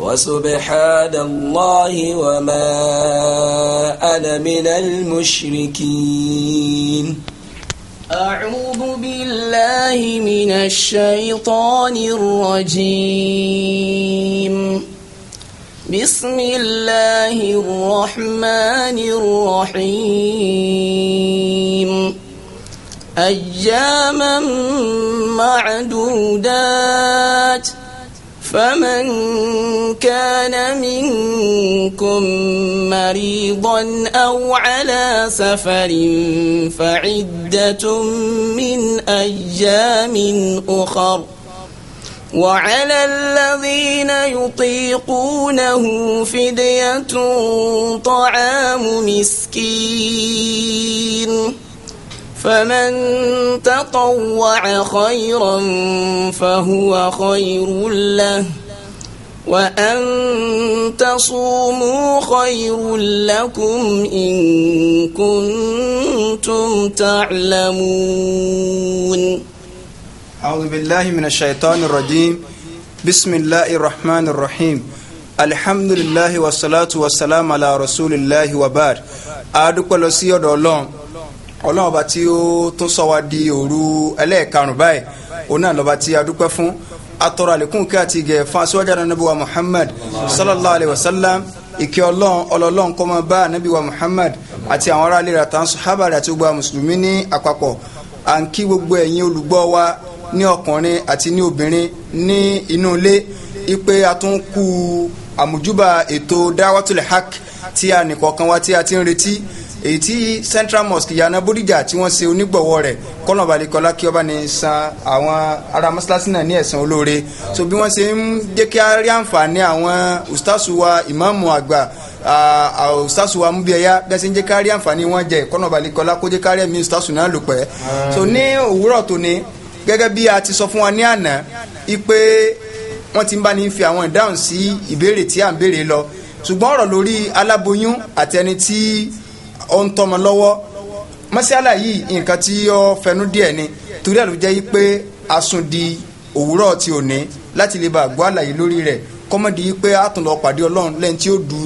وسبحان الله وما أنا من المشركين أعوذ بالله من الشيطان الرجيم بسم الله الرحمن الرحيم أياما معدودات فمن كان منكم مريضا أو على سفر فعدة من أيام أخر وعلى الذين يطيقونه فدية طعام مسكين فمن تطوع خيرا فهو خير له وأن تصوموا خير لكم إن كنتم تعلمون أعوذ بالله من الشيطان الرجيم بسم الله الرحمن الرحيم لله والصلاة والسلام على رسول الله wabaad adukpẹlẹ sí ọ̀dọ̀ دولون ọlọ́run ọba tí ó tún sọ wa di òru ẹlẹ́ẹ̀karùn báyìí òun náà lọ́ba tí a dúpẹ́ fún atọ́rọ àlékún kí àti ìgẹ̀ fún aṣíwájú àná nàbí wa muhammad sallallahu alayhi wa sallam ìkẹ́ ọlọ́run ọlọ́run kó máa bá nàbí wa muhammad àti àwọn aráàlú rẹ̀ àtàwọn sàhábà rẹ̀ àti gbogbo àwọn mùsùlùmí ní àpapọ̀ à ń kí gbogbo ẹ̀yin olùgbọ́ wa ní ọkùnrin àti ní obìnrin ní inú ilé ipe atúnkù àmùjúbà ètò dáwàtúlẹ̀ hak tí a nìkọ̀ọ̀kan wa tí a ti ń retí èyí tí Central Mosque yana Bodija tí wọ́n ṣe onígbọ̀wọ́ rẹ̀ kọ́nà balikọ́lá kí ọba ní san àwọn ará mọ́ṣáláṣí náà ní ẹ̀san olóore so bí wọ́n ṣe ń jẹ́ kí a rí àǹfààní àwọn ustasuwa ìmáàmù àgbà ustasuwa múbíẹ̀yà bí wọ́n ṣe ń jẹ́ kí a rí àǹfààní wọn jẹ kọ́nà balikọ́lá kó jẹ́ kí a rí ẹ̀mí ustasu náà lò pẹ́ so ní òwúrọ̀ tòní gẹ́gẹ́ bí a ti sọ fún wa ní àná ipe wọ́n ti ń bá ní fi àwọn ìdáhùn sí ìbéèrè tí à ń ó ń tọmọ lọ́wọ́ mọ́sálà yìí nǹkan tí ó fẹnu díẹ̀ ni torí àlọ́ jẹ́ pé asùndì òwúrọ̀ ti òní láti lè bá àgbọ́ àlàyé lórí rẹ̀ kọ́mọ̀dé yìí pé àtúndọ̀ pàdé ọlọ́run lẹ́yìn tí ó du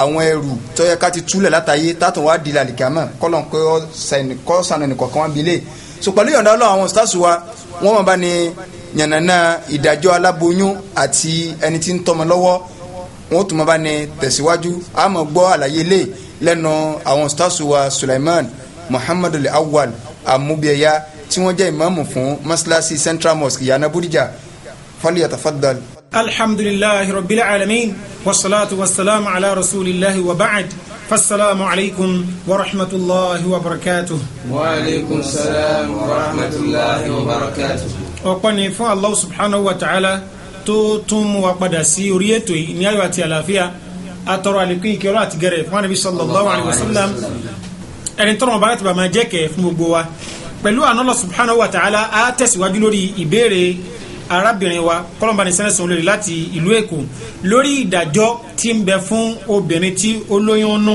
àwọn ẹrù tó yẹ ká ti túlẹ̀ látàyé tátùn wá di làlìkàmọ́ kọ́lọ̀ kọ́ sànù nìkọ̀kan wá bilé so pẹ̀lú ìyọ̀ǹda ọlọ́run àwọn stars wa wọ́n mọ̀ bá ní yànnànà ìdájọ́ aláboyún àti ẹni tí ń tọ́mọ lọ́wọ́ wọ́n tún mọ̀ bá ní tẹ̀síwájú àmọ́ gbọ́ àlàyé léè lẹ́nu àwọn stasi wa Suleiman Muhammadu Awwal Amubiyaya tí wọ́n jẹ́ ìmáàmù fún masilasi Central Mosque Yana Bodija falyatafaddal. alhamdulilayi rabbil alamin wasalaatu wasalaamu ala rasulillahi wa ba'd fasalaamu alaykum wa rahmatulahi wa barakatu. wa salaam wa rahmatulahi wa barakatu. ọ̀pọ̀ fún Allah subhanahu wa ta'ala tó tún wá padà sí orí ètò yìí ní ayọ̀ àti àlàáfíà atọrọ àlékún ìkẹ́ ọlọ́ àti gẹrẹ fún anabi sallallahu alayhi wa sallam ẹni tọrọ ọba láti bá máa jẹ́ kẹ́ fún gbogbo wa pẹ̀lú ànọ́lọ́ subhanahu wa ta'ala á tẹ̀síwájú lórí ìbéèrè arábìnrin wa kọ́lọ́mbà ní sẹ́nẹ̀ sọ̀rọ̀ lórí láti ìlú èkó lórí ìdájọ́ tí ń bẹ fún obìnrin tí ó lóyún nú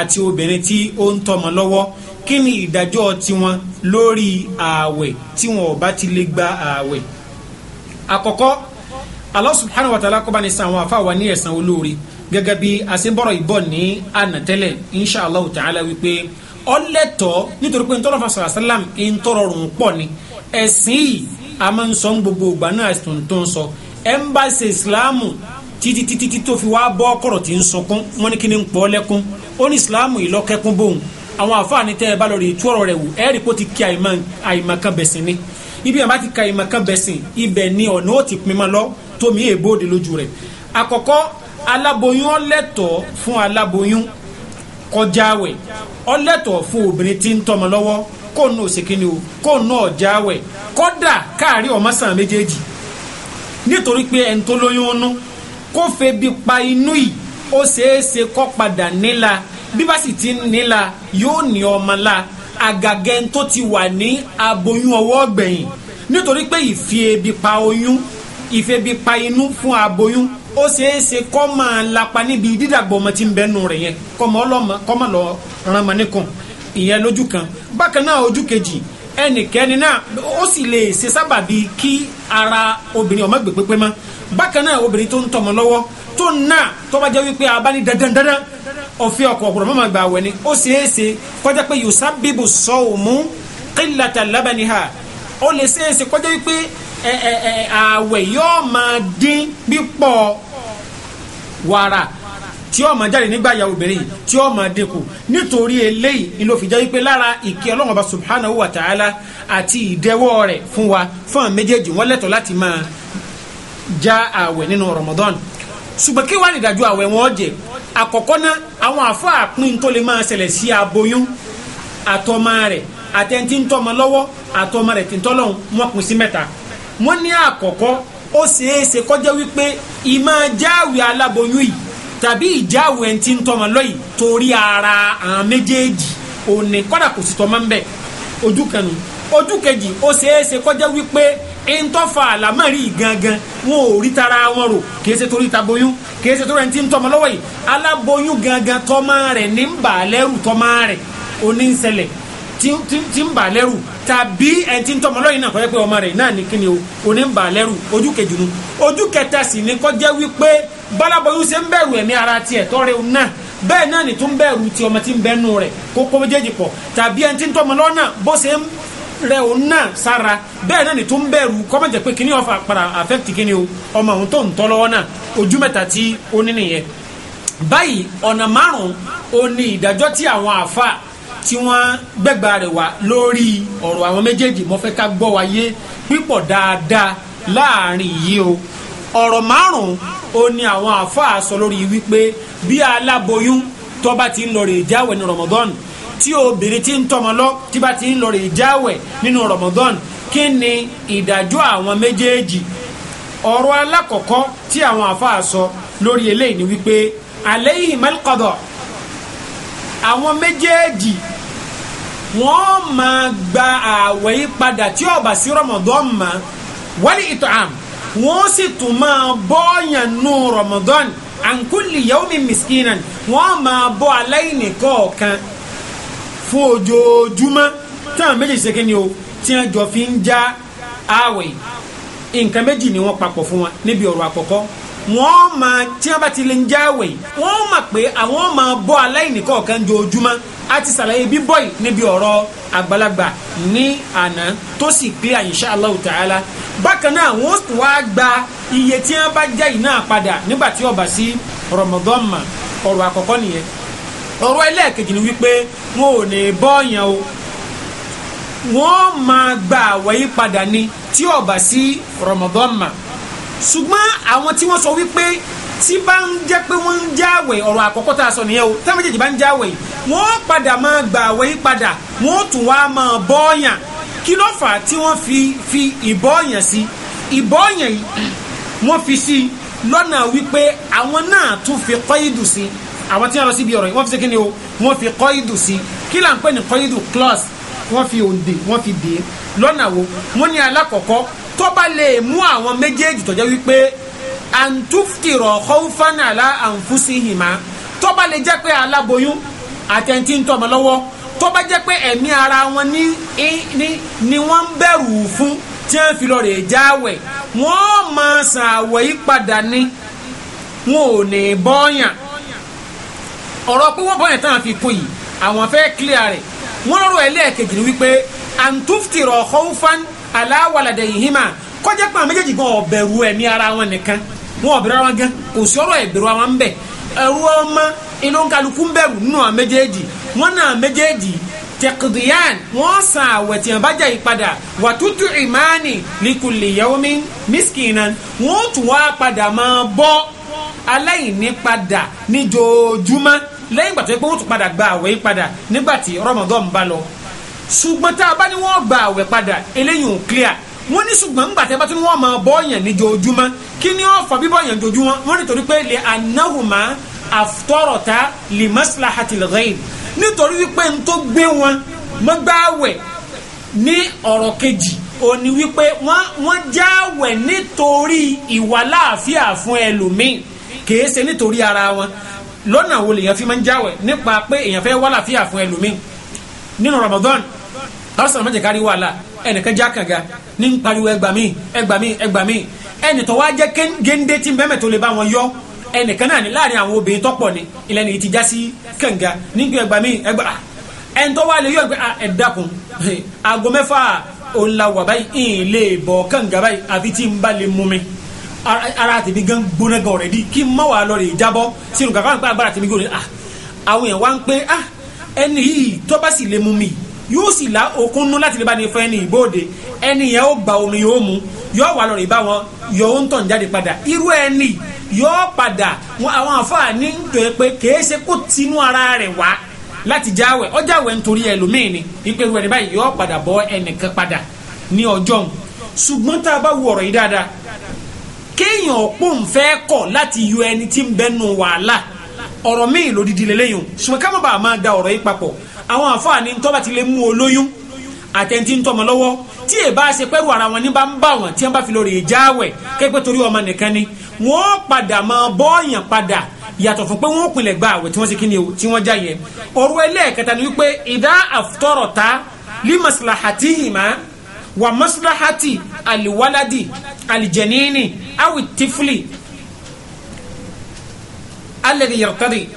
àti obìnrin tí ó ń tọ́mọ lọ́wọ́ kí ni ìdájọ́ tiwọn lórí ààwẹ̀ tí wọn ò bá ti lè gba ààwẹ̀ àkọ́kọ́ Allah subhanahu wa ta'ala kọ́ba ní sàn àwọn àfa wa ní ẹ̀san olóore gẹ́gẹ́ bí asebọ̀rọ̀ ìbọ̀ ní ànátẹ́lẹ̀ insha allah ta'ala wípé ọlẹ́tọ̀ nítorí pé ntọ́lọ́fà sọ̀rọ̀ sálàm ntọ́rọ̀rùn pọ̀ ni ẹ̀sìn yìí a máa ń sọ gbogbo ìgbà náà tuntun sọ ẹ̀ńbàṣẹ̀ ìsìláàmù títí títí tí tó fi wá bọ́ ọkọ̀rọ̀ tí ń sunkún wọn ni kí ni ń pọ̀ lẹ́kún ó ní ìsìláàmù yìí lọ́kẹ́kún àwọn àfáàní tẹ́ ẹ bá lọ rí tú ọ̀rọ̀ wò ẹ́ rí pé ti kí àìmọ̀kan bẹ̀sìn ni ibi àbá ti ka àìmọ̀kan bẹ̀sìn ibẹ̀ ni ọ̀nà ó ti pinmọ́ lọ tómi èèbó òde lójú rẹ̀ àkọ́kọ́ aláboyún ọlẹ́tọ̀ fún aláboyún kọjá àwẹ̀ ọlẹ́tọ̀ fún obìnrin tí ń tọ́mọ lọ́wọ́ kó nù òsèkínni o kó nù ọjà àwẹ̀ kódà káàrí ọmọ sàn méjèèjì nítorí pé ẹni tó lóyún ọnú kó febi pa inú yìí ó ṣeéṣe kó padà nílà bí bá sì ti nílà yóò ní ọmọ la àgàgẹ́ tó ti wà ní aboyún ọwọ́ gbẹ̀yìn nítorí pé ìfi ebi pa oyún ìfebi pa inú fún aboyún ó ṣeé ṣe kọ́ máa lapa níbi dídàgbọ́ ọmọ tí ń bẹ́nu rẹ̀ yẹn kọ́mọ ọlọ́mọ kọ́mọ lọ ranmọ nìkan ìyẹn lójú kan bákan náà ojú kejì ẹnikẹ́ni náà ó ara obìnrin ọmọ gbè ma mọ́ bákan náà obìnrin tó ń tọmọ lọ́wọ́ tó ń nà tó bá jẹ́ wípé dandan dandan gbà wẹ̀ ni ó ṣe kọjá pé ó lè ṣe kọjá ààwẹ̀ yóò máa dín pípọ̀ wàrà tí ó máa jáde nígbà ìyàwó obìnrin tí ó máa dínkù nítorí eléyìí ni ló fi jẹ́ wípé lára ìkẹ́ ọlọ́run ọba subhanahu wa ta'ala àti ìdẹ́wọ́ rẹ̀ fún wa fún àwọn méjèèjì wọ́n lẹ́tọ̀ọ́ láti máa já ààwẹ̀ nínú Ramadan ṣùgbọ́n kí wàá ní ìdájọ́ ààwẹ̀ wọn jẹ àkọ́kọ́ ná àwọn àfọ àpín tó lè máa ṣẹlẹ̀ sí aboyún àtọmọ rẹ̀ àtẹ̀ntì ń tọmọ lọ́wọ́ àtọmọ rẹ̀ tí ń tọ́lọ́hún wọ́n pín sí mẹ́ta wọ́n ní àkọ́kọ́ ó ṣeéṣe kọjá wípé ìmọ̀ jáwé aláboyún yìí tàbí ìjáwé ẹni tí ń tọmọ lọ́yìí torí ara àwọn méjèèjì òní kọ́dà kò sì tọmọ ń bẹ̀ ojú kanu ojú kejì ó ṣeéṣe kọjá wípé ntọ́fà àlámọ̀rí gangan wọn ò rí tara wọn rò kìí ṣe torí taboyún kìí ṣe torí ẹni tí ń tọmọ lọ́wọ́ yìí aláboyún gangan tọ́mọ rẹ̀ ní ń bà lẹ́rù tọ́mọ tí ń bà lẹ́rù tàbí ẹni tí ń tọmọ lọ́yìn náà kọjá pé ọmọ rẹ̀ náà ní kíni o òní ń bà lẹ́rù ojú kejì nu ojú kẹta sì ni kọjá wípé bálábọyún ṣe ń bẹ̀rù ẹ̀mí ara tiẹ̀ tọ́rẹ́ náà bẹ́ẹ̀ náà ni tó ń bẹ̀rù ti ọmọ tí ń bẹ́nu rẹ̀ kó kó méjèèjì pọ̀ tàbí ẹni tí ń tọmọ lọ́nà bó ṣe ń rẹ òun náà sára bẹ́ẹ̀ náà ni tó ń bẹ̀rù kọ́mọ̀jẹ̀ pé kíní ọ̀fà padà affect kíní o ọmọ òun tó ń tọ́ lọ́wọ́ náà ojú mẹ́ta tí ó ní nìyẹn báyìí ọ̀nà márùn-ún ó ìdájọ́ tí àwọn àáfàá tí wọ́n gbẹ́gbà rẹ̀ wá lórí ọ̀rọ̀ àwọn méjèèjì mo fẹ́ ká gbọ́ wáyé pípọ̀ dáadáa láàrin yìí o ọ̀rọ̀ márùn-ún ó ní àwọn àáfàá sọ lórí wípé bí aláboyún tó ti ń lọ rè jáwèé ní Ramadan tí obìnrin ti ń tọmọ lọ tí ti ń lọ rè jáwèé nínú Ramadan kí ni ìdájọ́ àwọn méjèèjì ọ̀rọ̀ alákọ̀ọ́kọ́ tí àwọn àáfàá sọ lórí eléyìí ni wípé alayhi mal qada àwọn méjèèjì wọ́n máa gba àwẹ̀ yìí padà tí ó bá sí rọmọdọ́n mọ́ wọ́n ní ìtọ́ àm wọ́n sì tún máa bọ́ọ̀yàn nù rọmọdọ́n àǹkúlì yawmin miskinan wọ́n máa bọ́ aláìní kọ̀ọ̀kan fún ojoojúmọ́ táwọn méjì ṣe kíni o tí wọ́n jọ fi ń já àwẹ̀ nǹkan méjì ni wọ́n papọ̀ fún wọn níbi ọ̀rọ̀ àkọ́kọ́ wọ́n máa tí wọ́n bá ti lè ń jáwèé wọ́n mọ̀ pé àwọn máa bọ́ aláìní kọ̀ọ̀kan jojúmọ́ a ti sàlàyé bí bọ́ì níbi ọ̀rọ̀ àgbàlagbà ní àná tó sì clear insha Allah ta'ala bákan náà wọ́n wá gba iye tí wọ́n bá já iná padà nígbà tí ó bá sí Ramadan mà ọ̀rọ̀ àkọ́kọ́ nìyẹn ọ̀rọ̀ ẹlẹ́ẹ̀kejì ni wípé wọn ò ní bọ́ọ̀yàn o wọ́n máa gba àwẹ̀ padà ni tí ó bá sí Ramadan mà ṣùgbọ́n àwọn tí wọ́n sọ wípé tí bá ń jẹ́ pé wọ́n ń jáwèé ọ̀rọ̀ àkọ́kọ́ tá a sọ nìyẹn o táwọn méjèèjì bá ń jáwèé wọ́n padà máa gbà wẹ́yí padà wọ́n tún wá máa bọ́ọ̀yàn kí ló fà á tí wọ́n fi fi ìbọ́ọ̀yàn sí ìbọ́ọ̀yàn yìí wọ́n fi sí lọ́nà wípé àwọn náà tún fi kọ́ ìdù sí àwọn tí wọ́n lọ síbi ọ̀rọ̀ yìí wọ́n fi ṣe kí ni o wọ́n fi kọ́ ìdù sí kí là ń pè ní kọ́ ìdù clause wọ́n fi òǹdè wọ́n fi dè lọ́nà wo wọ́n ní alákọ̀ọ́kọ́ tó bá lè mú àwọn méjèèjì tó jẹ́ wípé àǹtúfìrọ̀ khawfan ala anfusihima tó bá lè jẹ́ pé aláboyún àtẹ̀ntì ń tọ́mọ lọ́wọ́ tó bá jẹ́ pé ẹ̀mí ara wọn ní ní ni wọ́n ń bẹ̀rù fún tí wọ́n fi lọ rè jáwẹ̀ wọ́n máa san àwẹ̀ yí padà ní wọn ò ní bọ́ọ̀yàn ọ̀rọ̀ pé wọ́n bọ́ọ̀yàn táwọn fi kún yìí àwọn fẹ́ clear rẹ̀ wọ́n rọrọ̀ ẹlẹ́ẹ̀kejì ni wípé àǹtúfìrọ̀ khawfan aláwàlàdẹ yìí mà kọjá pé àwọn méjèèjì gan ọ̀bẹ̀rù ẹ̀mí ara wọn nìkan wọn ọ̀bẹ̀rù ara wọn gan kò sí ọ̀rọ̀ ẹ̀bẹ̀rù àwọn ń bẹ̀ ẹ̀rù ọmọ inú kálukú ń bẹ̀rù nínú àwọn méjèèjì wọn náà méjèèjì tẹkidiyan wọn san àwẹ̀ tí wọn bá jẹ́ ìpadà wà tútù ìmáàní likuli yaomi miskinan wọn tún wá padà máa bọ́ aláìní padà níjoojúmọ́ lẹ́yìn gbàtọ́ pé wọ́n tún padà gba àwẹ̀ yìí padà nígbà tí rọmọdọ́n bá lọ ṣùgbọ́n tá a bá ní wọ́n gba àwẹ̀ padà eléyìí ò clear wọ́n ní ṣùgbọ́n nígbà tẹ́ bá tún wọ́n máa bọ́ọ̀yàn níjojúmọ́ kí ni wọ́n fọ bíbọ̀yàn jojúmọ́ wọ́n nítorí pé lè anáhùnmá àtọ̀rọ̀ta lè maslahati lẹ́yìn nítorí wípé n tó gbé wọn mọ́gbàwẹ̀ ní ọ̀rọ̀ kejì òní wípé wọ́n jáwẹ̀ nítorí ìwà fún ẹlòmíì kìí ṣe nítorí ara wọn lọ́nà wo lèèyàn fi máa ń jáwẹ̀ nípa pé èèyàn fẹ́ wà fún ẹlòmíì nínú Ramadan lọ́sàn án mẹ́jẹ̀ká rí wàhálà ẹnìkan já kànga ní ń pariwo ẹgbà mí ẹgbà mí ẹgbà mí ẹnìtọ́ wá jẹ́ géńdé tí mẹ́mẹ́ tó lè bá wọn yọ ẹnìkan náà ní láàrin àwọn obìnrin tọ́pọ̀ ni ilẹ̀ ní ti já sí kànga ní ń pè ẹgbà mí ẹgbà ẹnìtọ́ wá lè yọ ẹgbẹ́ ẹ̀dàkùn aago mẹ́fà òǹlà wà báyìí ìhìn lè bọ̀ kànga báyìí àfi tí ń bá lè mú mi ara tèmi gan gbóná gan rẹ̀ kí n má wàá lọ rè jábọ́ sínú kàkà wọn pé agbára tèmi gan ah àwọn èèyàn wá ń pé ah ẹni yìí tó bá sì lè mú mi yóò sì la okun nú láti lè bá ní fún ẹni ìbóde ẹni yẹn ó gba omi yóò mú yóò wà lọ rí bá wọn yóò ń tàn jáde padà irú ẹni yóò padà àwọn àfààní ń tó yẹ pé kèé ṣe kó tinú ara rẹ̀ wá láti jáwẹ̀ ọjàwẹ̀ nítorí ẹlòmíì ni ìpẹrù ẹni báyìí yóò padà bọ́ ẹnìkan padà ní ọjọ́ òun ṣùgbọ́n tá a bá wo ọ̀rọ̀ yìí dáadáa kéèyàn ọ̀pọ̀ ń fẹ́ kọ̀ láti yọ ẹni tí ń bẹ́nu wàhálà ọ̀rọ̀ míì lòdìdí lélẹ́yìn ṣùgbọ́n ká má bàa máa da ọ̀rọ̀ yìí papọ̀ àwọn àfáàní ń tọ́ba ti lè mú olóyún àtẹ̀ntì ń tọmọ lọ́wọ́ tí èbá ṣe pẹ́rù ara wọn ní bá ń bá wọn tí wọ́n bá fi lọ rèé jáwẹ̀ kẹ́pẹ́ torí ọmọ nìkan ni wọ́n padà máa bọ́ọ̀yàn padà yàtọ̀ fún pé wọ́n pinlẹ̀ gba àwẹ̀ tí wọ́n ṣe kí ni o tí wọ́n já yẹn ọ̀rọ̀ ẹlẹ́ẹ̀kẹta ni wípé ìdá àfutọ́rọ̀ta lí maslahatihima wà maslahati aliwaladi alijanini awitifli alẹ́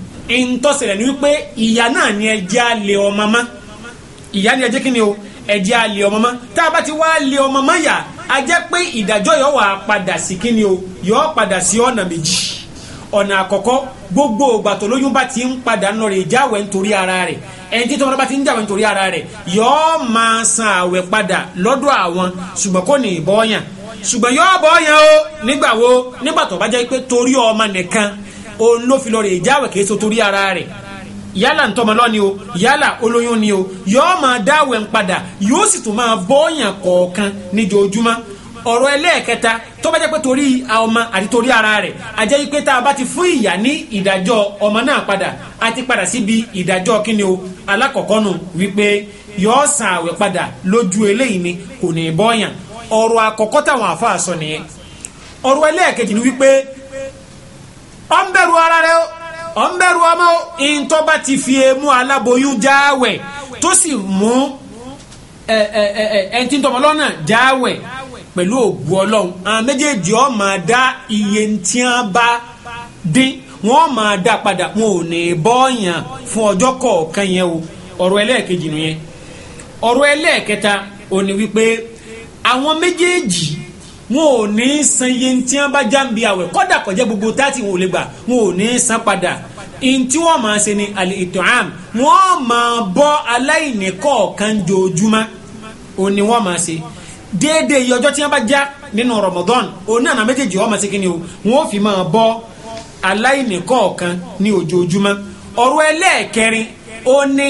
ntọ́sẹ̀lẹ̀ ni wípé ìyá náà ni ẹjẹ́ alẹ́ ọmọ mọ́ ìyá ni ẹjẹ́ kí ni o ẹjẹ́ alẹ́ ọmọ mọ́ tá a bá ti wá alẹ́ ọmọ mọ́ yà á jẹ́ pé ìdájọ́ yóò wà padà sí kí ni o yóò padà sí ọ̀nà méjì ọ̀nà àkọ́kọ́ gbogbo ìgbà tó lóyún bá ti ń padà ń lọ rè jáwẹ̀ nítorí ara rẹ̀ ẹni tí tọmọdé bá ti ń jáwẹ̀ nítorí ara rẹ̀ yóò máa san àwẹ̀ padà lọ́dọ̀ àwọn ṣùgbọ́n kò ní ìbọ́yàn ṣùgbọ́n yóò bọ́yàn o nígbà wo nígbà tó bá jẹ́ pé torí ọmọ nìkan òun ló fi lọ rè jáwé kìí so torí ara rẹ̀ yálà ntọ́mọlọ́ ni o yálà olóyún ni o yọ́ọ́ máa dáwẹ̀ ń padà yóò sì tún máa bọ́ọ̀yàn kọ̀ọ̀kan níjojúmọ́ ọ̀rọ̀ ẹlẹ́ẹ̀kẹta tó bá jẹ́ pé torí ọmọ àti torí ara rẹ̀ a jẹ́ pé tá a bá ti fún ìyá ní ìdájọ́ ọmọ náà padà a ti padà síbi ìdájọ́ kíni o alákọ̀ọ́kọ́ nù wípé yọ́ọ́ san àwẹ̀ padà lójú eléyìí ni kò ní bọ́ọ̀yàn ọ̀rọ̀ àkọ́kọ́ táwọn àfa àsọ nìyẹn ọ̀rọ̀ ẹlẹ́ẹ̀kejì ni wípé ọ̀ ń bẹ̀rù ara rẹ o ọ̀ ń bẹ̀rù ọmọ o ìǹtọ́ bá ti fi emu aláboyún jáwẹ̀ tó sì mú ẹ ẹ ẹ ẹ ti ń tọmọ lọ́nà jáwẹ̀ pẹ̀lú ògùn ọlọ́run àwọn méjèèjì ọ̀ máa dá iye tí wọ́n bá dín wọ́n máa dá padà wọn ò ní bọ́ọ̀yàn fún ọjọ́ kọ̀ọ̀kan yẹn o ọ̀rọ̀ ẹlẹ́ẹ̀kejì nìyẹn ọ̀rọ̀ ẹlẹ́ẹ̀kẹta ò wípé àwọn méjèèjì wọn ò ní san iye tí wọn bá jáǹbi àwẹ̀ kọ́dà kọjá gbogbo tààtì wọn ò lè gbà wọn ò ní san padà ntí wọn máa ṣe ni al-it'am wọn máa bọ́ aláìní kọ̀ọ̀kan jojúmọ́ òní wọn máa ṣe déédéé iye ọjọ́ tí wọn bá já nínú Ramadan òní àná méjèèjì wọn máa ṣe kíni o wọn ò fi máa bọ́ aláìní kọ̀ọ̀kan ní ojoojúmọ́ ọ̀rọ̀ ẹlẹ́ẹ̀kẹrin ó ní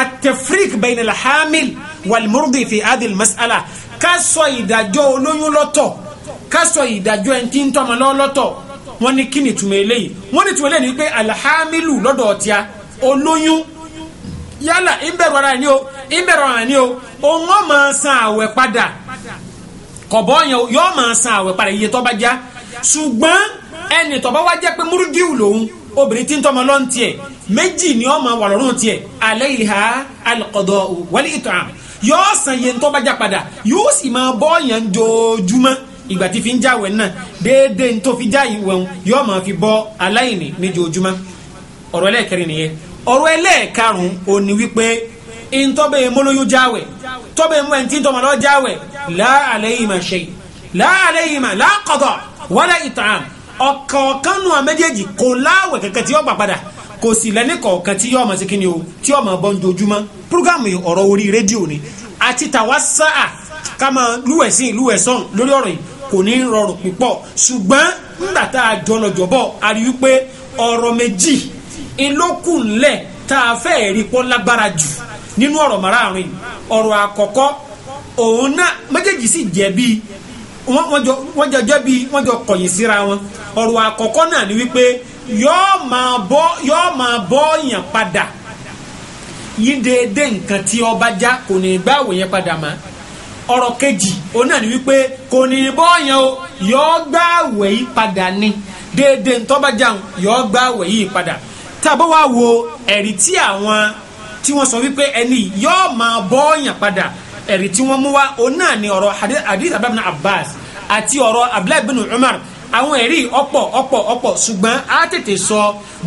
atafrik bayna hamil wal fi adil mas'ala ká sọ ìdájọ́ olóyún lọ́tọ̀ ká sọ ìdájọ́ ẹni tí ń tọ́mọ lọ́wọ́ lọ́tọ̀ wọ́n ní kí ni ìtumọ̀ eléyìí wọ́n ní ìtumọ̀ eléyìí ni pé alhamilu lọ́dọ̀ ọ̀tíya olóyún yálà ìbẹ̀rù ara ni o ìbẹ̀rù ara ni o òun ọ̀ máa san àwẹ̀ padà kọ̀bọ̀ yẹn yọ̀ọ́ máa san àwẹ̀ padà iye tó bá já ṣùgbọ́n ẹnì tó bá wá jẹ́ pé múrúdíù lòun obìnrin tí ń tọmọ lọ́n tiẹ̀ méjì ni ọ̀ máa wà lọ́rùn tiẹ̀ alayha alqada wal it'am yóò san iye ntọ́ bá já padà yóò sì máa bọ́ yẹn dojúmọ́ ìgbà tí fi ń jáwẹ̀ náà déédéé ntọ́ fi já ìwẹ̀ wọn yóò máa fi bọ́ aláìní ní dojúmọ́ ọ̀rọ̀ ẹlẹ́ẹ̀kẹrin nìyẹn ọ̀rọ̀ ẹlẹ́ẹ̀karùn-ún òní wípé ntọ́bẹ̀ mọ́lóyún jáwẹ̀ tọ́bẹ̀ mú ẹni tí ntọ́ màlọ́ jáwẹ̀ láàlẹ́ yìí máa ṣe láàlẹ́ yìí máa láàkọ̀tọ̀ wala ìtàn ọ̀kọ̀ọ̀kan nù kò sì lẹ́ni kọ̀ọ̀kan tí yọ̀ọ̀mọ̀ sí kíni o tí yọ̀ọ̀mọ̀ bọ́ ń dojúmọ́ púrógámù ọ̀rọ̀ orí rédíò ni àti tàwa sáà ká máa lúwẹ̀ sí lúwẹ̀ sàn lórí ọ̀rọ̀ yìí kò ní rọrùn púpọ̀ ṣùgbọ́n nígbà tá a jọlọ̀jọ̀bọ̀ a rí wípé ọ̀rọ̀ méjì ìlókùnlẹ̀ tá a fẹ́ rí pọ́ lágbára jù nínú ọ̀rọ̀ márààrin ọ̀rọ̀ àkọ́kọ́ òun náà méjèèjì sì jẹ́ bíi wọ́n jọ jẹ́ bíi wọ́n jọ kọ̀yìn síra wọn ọ̀rọ̀ àkọ́kọ́ náà ni wípé yóò máa bọ́ yóò máa bọ́ yàn padà yín déédé nǹkan tí ọba já kò ní gbá àwòyẹn padà mọ́ ọ̀rọ̀ kejì òun náà ni wípé kò ní bọ́ yàn o yóò gbá àwẹ̀ yìí padà ni déédé ntọ́ba jáun yóò gbá àwẹ̀ yìí padà tá a wo ẹ̀rí tí àwọn tí wọ́n sọ wípé ẹni yóò máa bọ́ yàn padà ẹ̀rí tí wọ́n mú wá òun náà ni ọ̀rọ̀ hadith abdullahi bin abbas àti ọ̀rọ̀ abdullahi bin umar àwọn ẹ̀rí ọ̀pọ̀ ọ̀pọ̀ ọ̀pọ̀ ṣùgbọ́n a tètè sọ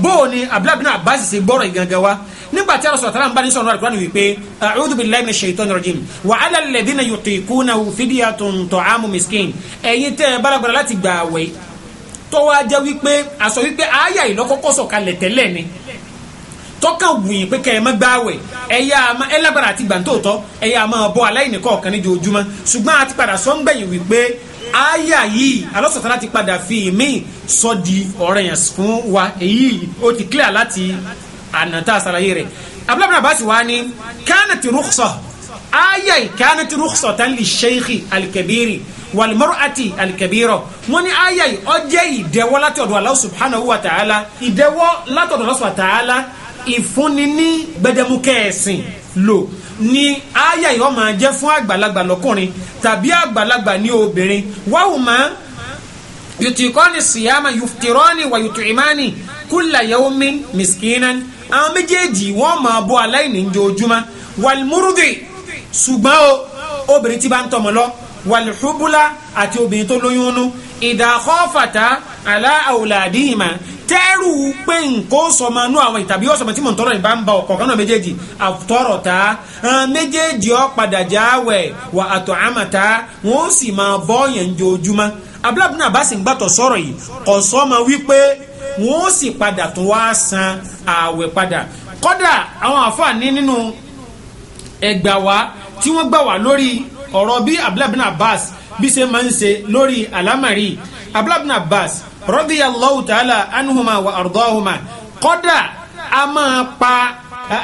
bóò ni abdulabina abasi ṣe gbọ́rọ̀ ìgangan wa nígbà tí arásọ̀ tàbí àǹbá ní sọ̀rọ̀ àdúrà ni wípé a'udhu billahi minash shaitonir rajim wa 'ala alladhina yutiqunahu fidyatun ta'amu miskin ẹ̀yin tẹ́ ẹ báragbára láti gbà àwẹ̀ tọ́wọ́ ajẹ́ wípé àsọ wípé àáyà ìlọ́kọ́kọ́ sọ̀kalẹ̀ tẹ́lẹ̀ ni tọ́ka wùyìn pé kẹ́ ẹ má gbáwẹ̀ ẹ̀yà ẹ lágbára àti gbàǹtòótọ́ ẹ̀yà máa bọ́ aláìní kọ̀ọ̀kan níjọ ojúmọ́ ṣùgbọ́n a padà sọ ń gbẹ̀yìn wípé àyà yìí alọ́sọ̀tà láti padà fi mí sọ di ọ̀rẹ́ yẹn fún wa èyí ó ti clear láti àná tá rẹ̀ abúlábùnà bá sì wá ní kánàtì rúkṣọ àyà yìí kánàtì rúkṣọ tán lè ṣèkì alikẹbìrì wàlmọ́rọ́àtì alikẹbìrọ wọn ni àyà yìí ó jẹ́ ìdẹ́wọ́ látọ̀dọ̀ Allah subhanahu wa ta'ala ìdẹ́wọ́ látọ̀dọ̀ Allah subhanahu wa ta'ala ìfúnni ní gbẹdẹmukẹ ẹ̀sìn lò ni àyà yìí wọ́n máa jẹ́ fún àgbàlagbà lọ́kùnrin tàbí àgbàlagbà ní obìnrin wáhùmá yutikọ́ni siyama yuftirọ́ni wa yutuimani kúlà yaomi miskinan àwọn méjèèjì wọ́n máa bọ́ aláìní njojúmọ́ wàlmúrúdì ṣùgbọ́n o obìnrin tí bá ń tọmọ lọ wàlúhùbúlà àti obìnrin tó lóyún nú ìdá khafata ala awladihima tẹ́rù pé nǹkó sọmọ inú àwọn ìtàbí ọ̀sọ̀mọ tí mò ń tọrọ ìbá ń ba ọkọ̀ kan náà méjèèjì àtọrọ̀ ta méjèèjì ọ̀ padà jáwẹ̀ wà àtọ̀ àmà ta wọ́n sì máa bọ́ yẹn ń jojúmọ́ abúlábùnà bá ń gbàtọ̀ sọ̀rọ̀ yìí kò sọ́mọ wípé wọ́n sì padà tún wá san ààwẹ̀ padà kódà àwọn àfààní nínú ẹgbàá wa tí wọ́n gbà wá lórí ọ̀rọ̀ bí abúlábùnà bá bí ṣe máa ń ṣe lórí àlámàrí Abdullah ibn Abbas radiyallahu ta'ala anhuma wa ardahuma kọ́dà a máa pa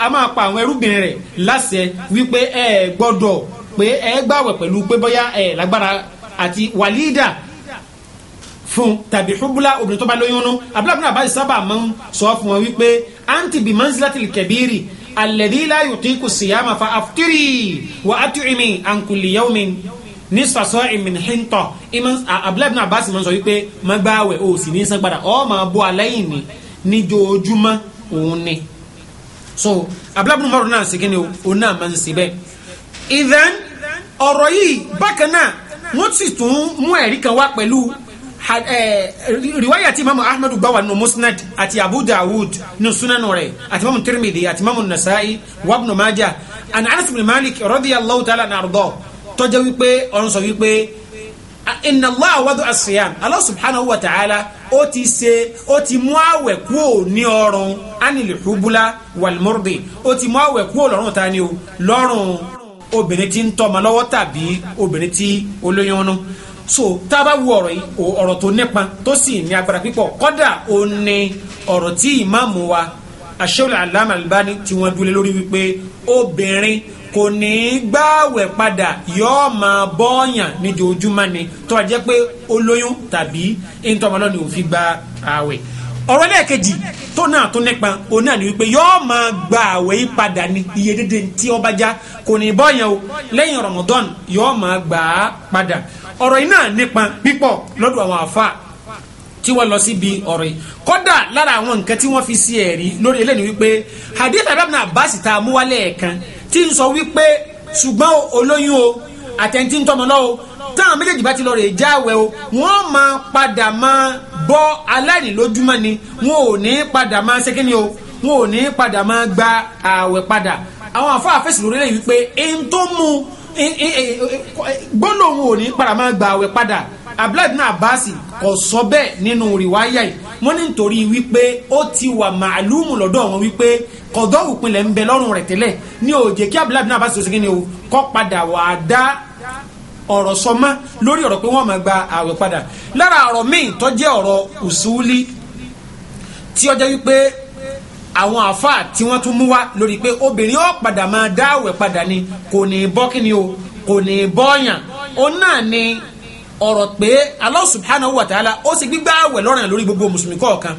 a máa pa àwọn ẹrúbìnrin rẹ̀ láṣẹ wípé ẹ gbọ́dọ̀ pé ẹ gbàwẹ̀ pẹ̀lú pé bóyá ẹ lágbára àti wàlídà fún tàbí ṣubúlá obìnrin tó bá lóyún nú Abdullah ibn sábà máa ń sọ fún wọn wípé anti bi manzilatil kabiri alladhi la yutiqu siyama fa aftiri wa at'imi an kulli yawmin ní sasọ ìmìnìhìntọ abdulayi abbas ma sọ wípé má gbààwẹ̀ o sì ní san padà ọ máa bọ aláìní ní níjoojúmọ́ òun ni so abdulayi umaru náà sì kíni o náà máa ń ṣe bẹ́ẹ̀. ìdán ọ̀rọ̀ yìí bákan náà wọ́n sì tún mú ẹ̀rí kan wá pẹ̀lú riwaya ti imaamu ahmadu gbawa nu musnad àti abu dawud nu sunanu rẹ̀ àti imaamu tirmidhi àti imaamu nasa'i wabnu maja an anas bin malik radiyallahu ta'ala na ardọ tọ́jọ́ wípé ọ̀run sọ wípé inna allah wadu asiyam allah subhanahu wa ta'ala ó ti ṣe ó ti mú àwẹ̀ kúò ní ọrùn anil hubula walmurdi ó ti mú àwẹ̀ kúò lọ́rùn ta ni o lọ́rùn obìnrin tí ń tọ́mọ lọ́wọ́ tàbí obìnrin tí olóyún nu so tá a bá wo ọ̀rọ̀ yìí ọ̀rọ̀ tó nípa tó sì ní agbára pípọ̀ kọ́dà ó ní ọ̀rọ̀ tí ìmáàmù wa aṣọ́lẹ̀ alámàlbani tí wọ́n dúró lórí wípé obìnrin kò ní í gbààwẹ̀ padà yóò máa bọ́ọ̀yàn níjojúmọ́ ni tó a jẹ́ pé olóyún tàbí ntọ́mọlọ́ ni òfin gba ààwẹ̀ ọ̀rọ̀ lẹ́ẹ̀kejì tó náà tó nípa òun náà ni wípé yóò máa gba ààwẹ̀ yìí padà ní iye dédé tí ọba já kò ní í bọ́ọ̀yàn o lẹ́yìn Ramadan yóò máa gbà á padà ọ̀rọ̀ yìí náà nípa pípọ̀ lọ́dọ̀ àwọn àfa tí wọ́n lọ síbi ọ̀rọ̀ yìí kọ́dà lára àwọn nǹkan tí wọ́n fi sí ẹ̀rí lórí eléyìí wípé hadith abdul abbas ta mú wálé ẹ̀kan tí ń sọ wípé ṣùgbọ́n olóyún o àtẹ̀ntì ń tọmọ lọ́wọ́ táwọn méjèèjì bá ti lọ rè jáwẹ́ o wọ́n máa padà máa bọ́ aláìnílójúmọ́ ni wọn ò ní padà máa ṣe kíni o wọn ò ní padà máa gba ààwẹ̀ padà àwọn àfọ àfẹsùn lórílẹ̀ yìí wípé ẹni tó mú un Eh, eh, eh, gbólóhùn òní padà máa gba àwẹ̀ padà abdullahi bin abbas kò sọ bẹ́ẹ̀ nínú rìwáyà yìí wọ́n ní nítorí wípé ó ti wà màálùmù lọ́dọ̀ wọn wípé kọ̀dọ̀ òpinlẹ̀ ń bẹ lọ́rùn rẹ̀ tẹ́lẹ̀ ní òjè kí abdullahi bin abbas sọ ni o kọ́ padà wà á dá ọ̀rọ̀ sọmọ́ lórí ọ̀rọ̀ pé wọ́n máa gba àwẹ̀ padà lára ọ̀rọ̀ míì tó ọ̀rọ̀ usuli tí ó wípé àwọn àáfàá tí wọ́n tún mú wá lórí pé obìnrin ó padà máa dáwẹ̀ padà ni kò ní bọ́ kí o kò ní bọ́ọ̀yàn òun náà ni ọ̀rọ̀ pé Allah subhanahu wa ta'ala ó sì gbígbà àwẹ̀ lọ́ràn lórí gbogbo mùsùlùmí kọ̀ọ̀kan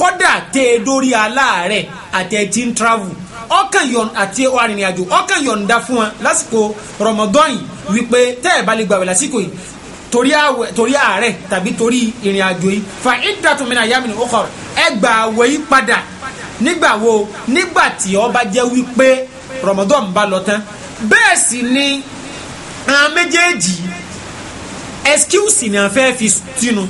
kọ́dà tẹ ẹ dórí aláàárẹ̀ àti ẹ ti ń travel ọkàn yọ̀n àti arìnrìn àjò ọkàn yọ̀ǹda fún wọn lásìkò Ramadan wípé tẹ́ ẹ̀ bá lè gbàwẹ̀ lásìkò yìí torí àwẹ̀ torí àárẹ̀ tàbí torí ìrìn yìí fa iddatun min ayamin ukhar ẹ gbà àwẹ̀ yìí padà nígbà wo nígbà tí ó bá wípé Ramadan bá lọ tán bẹ́ẹ̀ sì ni àwọn méjèèjì excuse ni a fẹ́ fi tinu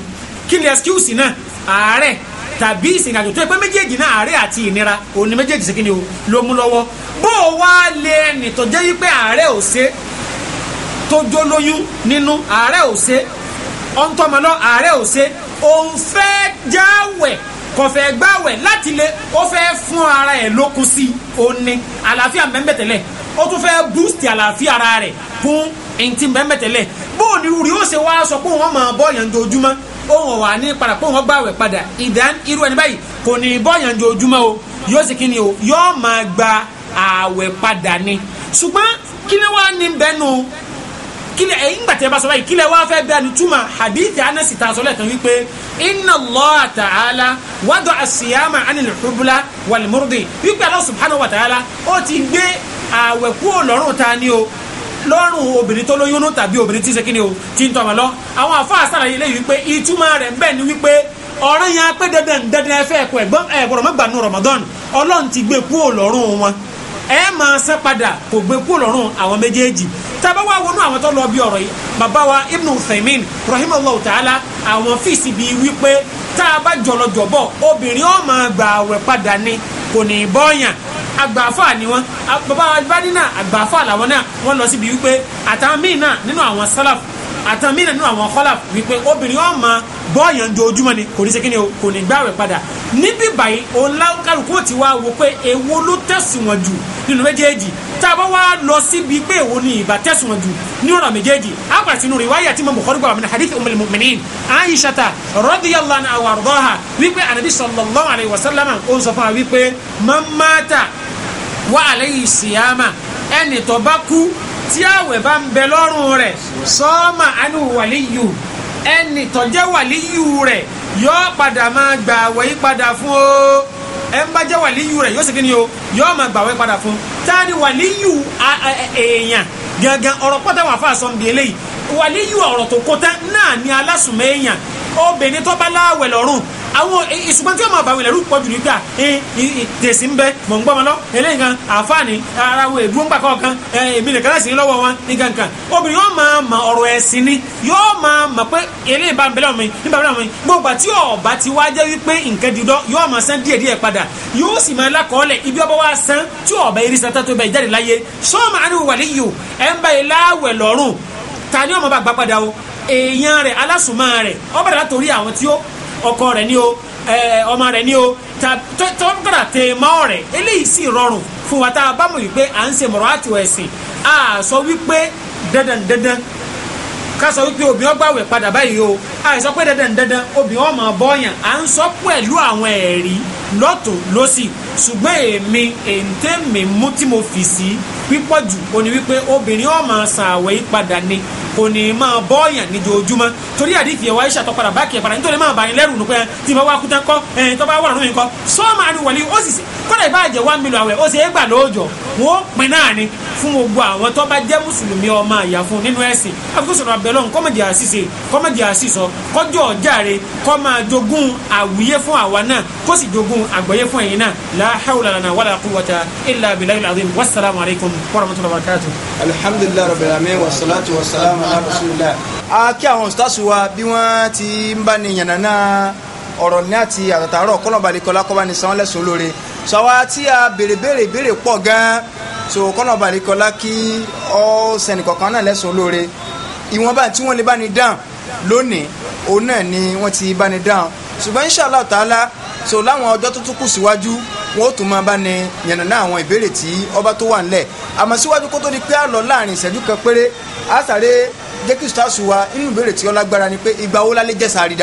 kí ni excuse náà àárẹ̀ tàbí ìsìnkàjò tó yẹ pé méjèèjì náà àárẹ̀ àti ìnira òní méjèèjì sí kíni o ló mú lọ́wọ́ bó o wá lé ẹnì tó jẹ́ wípé àárẹ̀ ò ṣe tó jó lóyún nínú àárẹ̀ ò ṣe ọ̀ntọ́mọlọ́ àárẹ̀ ò ṣe òun fẹ́ kò fẹ́ gbàwẹ̀ láti lè ó fẹ́ fún ara ẹ̀ lókun sí i ó ní àlàáfíà mẹ́mẹ́ tẹ́lẹ̀ ó tún fẹ́ búùsì àlàáfíà ara rẹ̀ kún ẹ̀ǹtí mẹ́mẹ́ tẹ́lẹ̀ bóòdì rúurì ó ṣe wá sọ pé wọ́n máa bọ́ yànjọ ojúmọ́ ohun ọ̀wà ní padà pé wọ́n gbàwẹ̀ padà ìdán irú ẹni báyìí kò ní bọ́ yànjọ ojúmọ́ o yóò sì kíni o yóò máa gba ààwẹ̀ padà ni ṣùgbọ́n kí ni wàá ní bẹ́nu kílẹ̀ ẹ̀yìn gbàtẹ́ bá sọ báyìí kílẹ̀ wá fẹ́ bẹ́ẹ̀ ni túmọ̀ hadithi anasi ta sọ lẹ́ẹ̀kan wípé inna Allah ta'ala wàdọ̀ àṣìyàmà anil hubla wal murdi wípé Allah subhanahu wa ta'ala ó ti gbé àwẹ̀ kúrò lọ́rùn ta ni o lọ́rùn obìnrin tó lóyún tàbí obìnrin tí ń ṣe kí ni o ti ń tọmọ lọ àwọn àfáà sàlàyé lẹ́yìn wípé ìtumọ̀ rẹ̀ bẹ́ẹ̀ ni wípé ọ̀ràn yẹn apẹ́ dandan dandan ẹ̀gbọ́n ẹ̀gbọ́n ọ̀rọ̀ nù Ramadan Ọlọ́run ti gbé kúrò lọ́rùn wọn ẹ máa san padà kò gbé kúrò lọ́rùn àwọn méjèèjì tàbá wa wọnú àwọn tó lọ bí ọ̀rọ̀ yìí bàbá wa Ibn Uthaymin rahimahullah ta'ala àwọn fíìsì bíi wípé tá a bá jọlọjọ bọ obìnrin ó máa gbà àwẹ̀ padà ni kò ní í bọ́ọ̀yàn agbàfà ni wọn bàbá alibadi náà agbàfà làwọn náà wọn lọ síbi wípé àtàwọn míì náà nínú àwọn sálàf àtàwọn míì náà nínú àwọn kọlàf wípé obìnrin ó máa bọ́ọ̀yàn jojúmọ́ ni kò ní ṣe kò ní gbàwẹ̀ padà níbí báyìí olákàlùkù ti wá wo pé èwo ló tẹ̀síwọ̀n jù nínú méjèèjì tá a bá wá lọ síbi pé èwo ni ìbá tẹ̀síwọ̀n jù ní ọ̀nà méjèèjì á padà sínú riwaya tí mo mọ̀ kọ́dúgbà min hadith umul mu'minin aishata radiyallahu anha wa ardaha wípé anabi sallallahu alayhi wa sallam ó ń sọ fún wa wípé man mata wa alayhi siyama ẹni tó bá kú tí àwẹ̀ bá ń bẹ lọ́rùn rẹ̀ sọ́ọ́mà anú wàlíyù ẹni tó jẹ́ wàlíyù rẹ̀ yóò padà máa gbà wẹ̀yí padà fún o ẹ ń bá jẹ́ wàlíyù rẹ̀ yóò sì kí ni o yóò máa gbà wẹ̀yí padà fún ta ni wàlíyù èèyàn gangan ọ̀rọ̀ pọ́tà wà fún àsọ̀nbi eléyìí wàlíyù ọ̀rọ̀ tó kó tán náà ni alásùnmọ̀ èèyàn obìnrin tó bá láwẹ̀ lọ́rùn àwọn ìṣùgbọ́n tí wọ́n máa bàwìn lẹ́rú pọ̀jù nígbà tèsí ń bẹ mọ̀ ń gbọ́mọ lọ eléyìí kan àfààní ara wo èdúró ń gbà kọ́ kan èmi nìkan láti lọ́wọ́ wọn ní kankan obìnrin yóò máa mọ ọ̀rọ̀ ẹ̀sìn ni yóò máa mọ̀ pé eléyìí bá ń bẹ̀rẹ̀ mi nígbà bẹ̀rẹ̀ mi gbogbo àti ọ̀bà ti wá jẹ́ wípé nǹkan dídọ́ yóò máa san díẹ̀ díẹ̀ padà yóò sì máa lákọ̀ọ́lẹ̀ ibi ọba wa san tí ọ̀bà irisa tó bẹ̀ jáde láyé sọ́ọ̀mù àdúgbò wà níyì o ẹ̀ ń bá ilá wẹ̀ lọ́rùn ta ni ọmọ bá gbà padà o èèyàn rẹ̀ alásùnmọ́ rẹ̀ ọ̀bẹ̀rẹ̀ látòrí àwọn tí ó ọkọ rẹ̀ ni o ọmọ rẹ̀ ni o tọ́kọ̀dà tè mọ́ rẹ̀ eléyìí sì rọrùn fún wa tá a bá mọ̀ wípé à ń ṣe mọ̀rọ̀ àti ẹ̀sìn a sọ wípé dandan dandan ká sọ wípé obìnrin ọgbà wẹ̀ padà báyìí o àìsàn pé dandan dandan obìnrin ọmọ bọ́yàn à ń sọ pẹ̀lú àwọn ẹ̀rí lọ́tò lọ́sì ṣùgbọ́n èmi èntè mi mú tí mo fi sí pípọ̀ jù ó ní wípé obìnrin ọmọ ṣàwẹ̀ padà ni kò ní máa bọ́yàn níjojúmọ́ torí àdìfì ẹ̀wá iṣẹ́ àtọ́padà bá kìí padà nítorí máa bá yín lẹ́rù nípa tí mo wá kú tán kọ́ ẹ̀yìn tó bá wà lóyún kọ́ sọ́ọ̀mà ni wọ̀lí ó sì kọ́dà ìbàjẹ́ one million àwẹ̀ ó sì é gbà lóòjọ́ wọn ó pin náà ni fún gbogbo àwọn tó bá jẹ́ mùsùlùmí ọmọ àyà fún nínú ẹ̀sìn àfikún sọ̀rọ̀ abẹ́lọ́n àṣìṣe kọ́mọ̀dì àṣìṣọ́ kọjọ́ ọ̀járe kọ́ máa jogún àwíyé fún àwa náà kó sì jogún àgbọ́yé fún ẹ̀yin náà la hawla lana wala quwwata illa wasalaamu alaykum wa rahmatulahi alhamdulilayi rabbil alamin wa salatu wa salamu ala rasulillah. a kí àwọn sitasi wa bí wọ́n ti ń bá ní yànnà náà ọ̀rọ̀ ní àti àtàtàrọ̀ kọ́nàbalẹ̀ kọ́lá kọ́ba ní sanwó lẹ́sùn lóore sọ wa tí a béèrè béèrè béèrè pọ̀ gan-an so kọ́nàbalẹ̀ kọ́lá kí ọ́ sẹ́nìkọ̀kan náà lẹ́sùn lóore ìwọ̀nba tí wọ́n lè bá ní dáhùn lónìí òun náà ni wọ́n ti bá ní dáhùn ṣùgbọ́n inshallah ta'ala so láwọn ọjọ́ tó tún kù síwájú wọn ó tún máa bá ní yànnàná àwọn ìbéèrè tí ọba tó wà ńlẹ̀ àmọ́ síwájú kó tó di pé a lọ láàrin ìṣẹ́jú kan péré a sáré jẹ́ kí sùtàṣù wa inú ìbéèrè tí ó lágbára ni pé ìgbà wo lálẹ́ jẹ́ sáré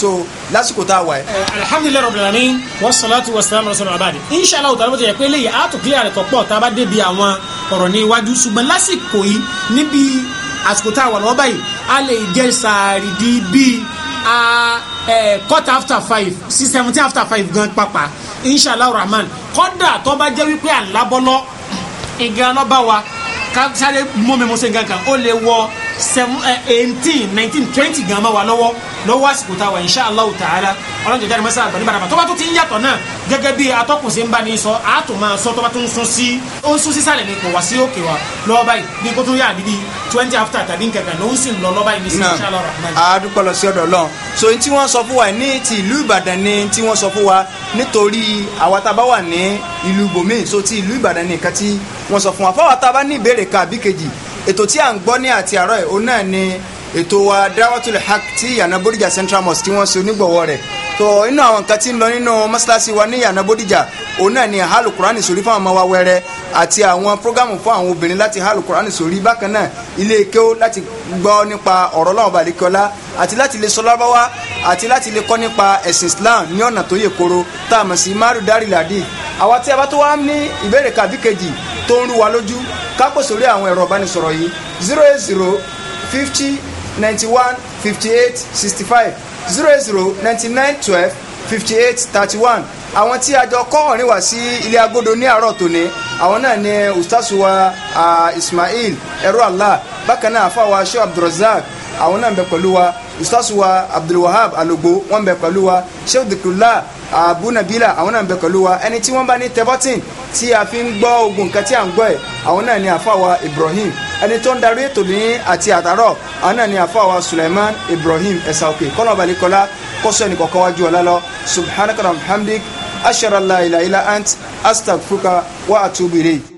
so lásìkò tá a wà ẹ. Eh, alhamdulilayi rabbil alamin wasalaatu wasalaamu ala sọ̀rọ̀ abadi inshala o tàbí o tẹ̀yẹ pé lè yẹ a tó kílẹ̀ rẹ̀ tọ̀ pọ̀ tá a bá débi àwọn ọ̀rọ̀ ní iwájú ṣùgbọ́n lásìkò yìí níbi àsìkò tá a wà lọ́wọ́ báyìí a lè jẹ sàárì di bíi quarter after five sí seventeen after five gan papa. inshallah rahman kọ́dà tó bá jẹ́ wípé àlábọ́lọ́ ìgbà lọ́ba wa ká sáré mú mi mú kan ó lè wọ Eh, eighteen nineteen twenty gan ma wa lọ́wọ́ lọ́wọ́ àsìkò tá a wà insha allah ta'ala ọlọ́njẹ́ jáde masala. àgbà níbàdàn tọ́ba tó ti ń yàtọ̀ náà gẹ́gẹ́ bí atọ́kùnsẹ́ ń bá ní sọ àátò máa sọ tọ́ba tó ń sún sí ó ń sún sísàlẹ̀ ní kò wá sí òkè wa lọ́wọ́ báyìí bí kó yà bíbí twenty after tàbí nkankan ló ń sìn lọ lọ́ba yìí ní sí insha allah rahman. adúpọ̀lọ̀ sí ọ̀dọ̀ lọ́n so tí wọ́n sọ fún wa ní ti ìlú ìbàdàn ni tí wọ́n sọ fún wa nítorí àwa tá a bá wà ní ìlú ibòmíì so ti ìlú ìbàdàn ni nǹkan tí wọ́n sọ fún wa fáwọn tá ní ìbéèrè kan àbí ètò tí à ń gbọ́ ní àti àárọ̀ ẹ̀ òun náà ni ètò wa Da'watul Haq tí Ìyànà Bódìjà Central Mosque tí wọ́n ṣe onígbọ̀wọ́ rẹ̀ tó inú àwọn nǹkan tí ń lọ nínú mọ́ṣáláṣí wa ní Ìyànà Bódìjà òun náà ni hálù kúránì sórí fáwọn ọmọ wa wẹrẹ àti àwọn prógámù fún àwọn obìnrin láti hálù kúránì sórí bákan náà ilé kéwú láti gbọ́ nípa ọ̀rọ̀ Ọlọ́run balẹ̀kọ́lá àti láti lè sọ Lárúbáwá àti láti lè kọ́ nípa ẹ̀sìn Islam ní ọ̀nà tó yè koro tá a mọ̀ sí maru dari àwa tí a bá tó wá ní ìbéèrè kàbí tó ń rú wa lójú ká pè sórí àwọn ẹ̀rọ ìbánisọ̀rọ̀ yìí zero eight zero fifty ninety one fifty eight sixty five zero eight zero ninety nine twelve fifty eight thirty one àwọn tí a jọ kọ́ ọ̀rìn wá sí ilé agodo ní àárọ̀ tòní àwọn náà ni ustasuwa Ismail ẹ̀rọ Allah bákan náà àfàwà sheu Abdulrazak àwọn náà ń bẹ pẹ̀lú wa ustasuwa Abdulwahab alogbo wọ́n ń bẹ pẹ̀lú wa sheu Dhikrullah abu nabila àwọn náà ń bẹ pẹ̀lú wa ẹni tí wọ́n bá ní tẹ́bọ́tìn tí a fi ń gbọ́ ogun nǹkan tí à ń gbọ́ ẹ̀ àwọn náà ni àfàwà ibrahim ẹni tó ń darí ètò ní àti àtàrọ̀ àwọn náà ni àfàwà suleiman ibrahim ẹ̀sà òkè kọ́nà balikọ́lá kọ́sọ́ ẹnì kọ̀ọ̀kan wájú ọ̀la lọ subhanakala muhammadik asharala ilaila ant astagfuka wa atubu ilayk